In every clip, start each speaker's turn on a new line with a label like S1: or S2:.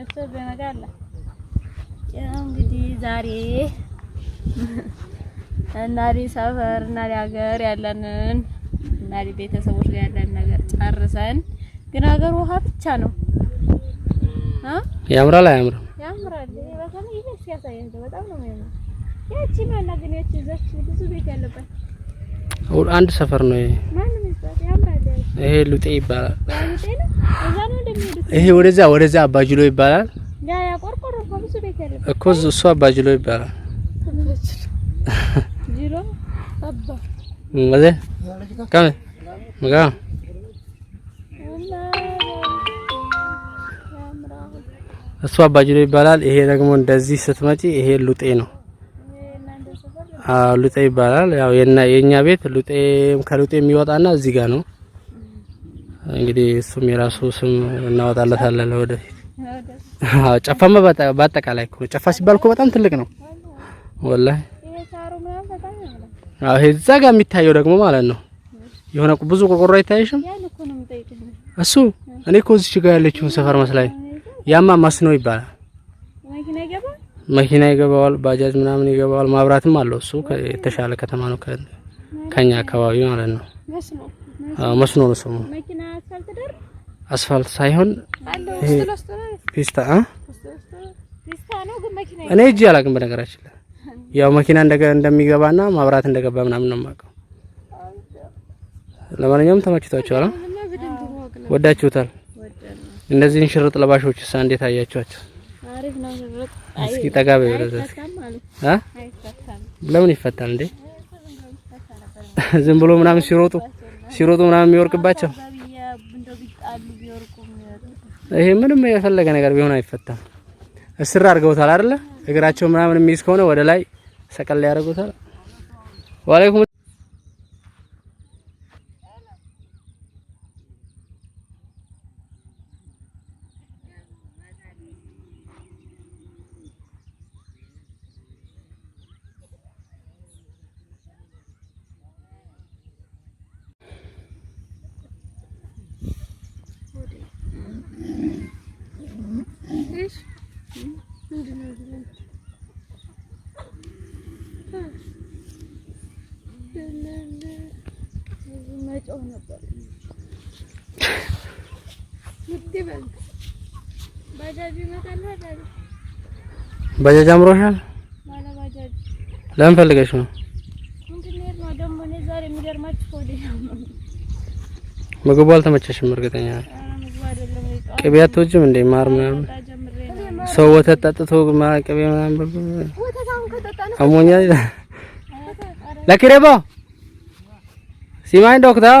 S1: ገብቶ በነጋላ ያው እንግዲህ ዛሬ እናሪ ሰፈር እናሪ ሀገር ያለንን እናሪ ቤተሰቦች ጋር ያለን ነገር ጨርሰን፣ ግን ሀገር ውሃ ብቻ ነው።
S2: ያምራል አያምርም? አንድ ሰፈር ነው። ይሄ
S1: ማንም ይባል
S2: ይሄ ሉጤ ይባላል። ይሄ ወደዛ ወደዛ አባጅሎ ይባላል እኮ እሱ አባጅሎ ይባላል። እሱ አባጅሎ ይባላል። ይሄ ደግሞ እንደዚህ ስትመጪ ይሄ ሉጤ ነው። ሉጤ ይባላል። ያው የኛ ቤት ሉጤም ከሉጤ የሚወጣና እዚህ ጋር ነው እንግዲህ እሱም የራሱ ስም እናወጣለታለን ወደፊት። አዎ በአጠቃላይ እኮ ጨፋ ሲባል እኮ በጣም ትልቅ ነው ወላሂ። አዎ እዛ ጋር የሚታየው ደግሞ ማለት ነው የሆነ ብዙ ቆቆሮ አይታይሽም? እሱ እኔ እኮ እዚህ ጋር ያለችውን ሰፈር መስላኝ። ያማ መስኖ ይባላል። መኪና ይገባዋል፣ ባጃጅ ምናምን ይገባዋል። ማብራትም አለው እሱ የተሻለ ከተማ ነው ከኛ አካባቢ ማለት ነው። መስኖ ነው ስሙ። አስፋልት ሳይሆን ፒስታ እኔ እጅ አላውቅም። በነገራችን ላይ ያው መኪና እንደሚገባና ማብራት እንደገባ ምናምን ነው የማውቀው። ለማንኛውም ተመችቷቸዋል፣ ወዳችሁታል። እንደዚህ ሽርጥ ለባሾች ሳ እንዴት አያችኋቸው? እስኪ ጠጋ በይ ለምን ይፈታል እንዴ? ዝም ብሎ ምናምን ሲሮጡ ሲሮጡ ምናምን የሚወርቅባቸው ይሄ ምንም የፈለገ ነገር ቢሆን አይፈታም። እስር አድርገውታል አይደለ? እግራቸው ምናምን የሚይዝ ከሆነ ወደ ላይ ሰቀል ያደርጉታል። ወአለይኩም ባጃጅ አምሮሻል? ለምን ፈልገሽ ነው? ምግቡ አልተመቸሽም? እርግጠኛ ነኝ። ቅቤ አትወጂም እንዴ? ማር ምናምን ሰው ወተት ጠጥቶ ቅቤ ምናምን አሞኛል። ለክሬቦ ሲማኝ ዶክተር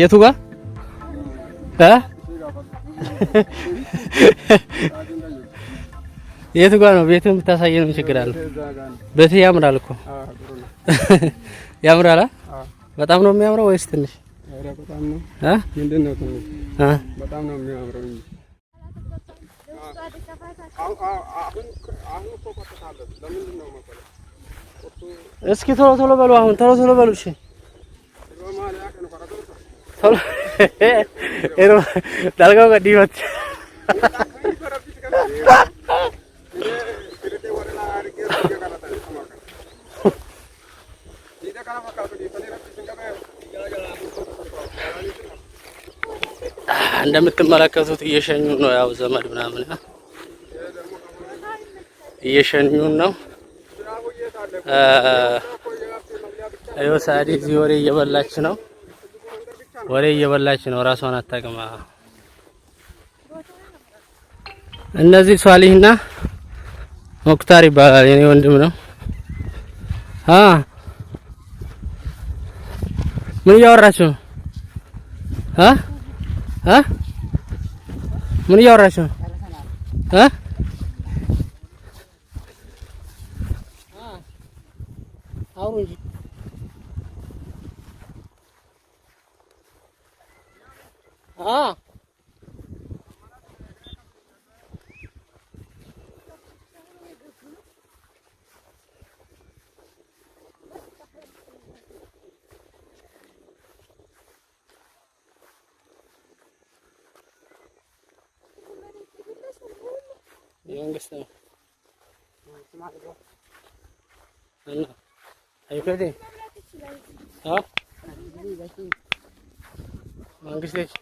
S2: የቱ ጋር እ የቱ ጋር ነው ቤቱን ብታሳየን ምን ችግር አለው? ያምራል እኮ ያምራል። በጣም ነው የሚያምረው ወይስ ትንሽ? በጣም ነው እስኪ ቶሎ ቶሎ በሉ፣ አሁን ቶሎ ቶሎ በሉ። እሺ ቶሎ ኤሮ ዳልጋው ቀዲበት እንደምትመለከቱት እየሸኙ ነው። ያው ዘመድ ምናምን እየሸኙን ነው። አዮ ሳዲ እዚህ ወሬ እየበላች ነው። ወሬ እየበላች ነው። ራሷን አታቅማ። እነዚህ ሷሊህና ሙክታር ይባላል። የኔ ወንድም ነው። አ ምን እያወራችሁ ነው? አ አ ምን እያወራችሁ ነው? አ Augen. Ah. Youngest though. Mm, it's not good. I know. Are you ready? Huh? Manggis, Lich.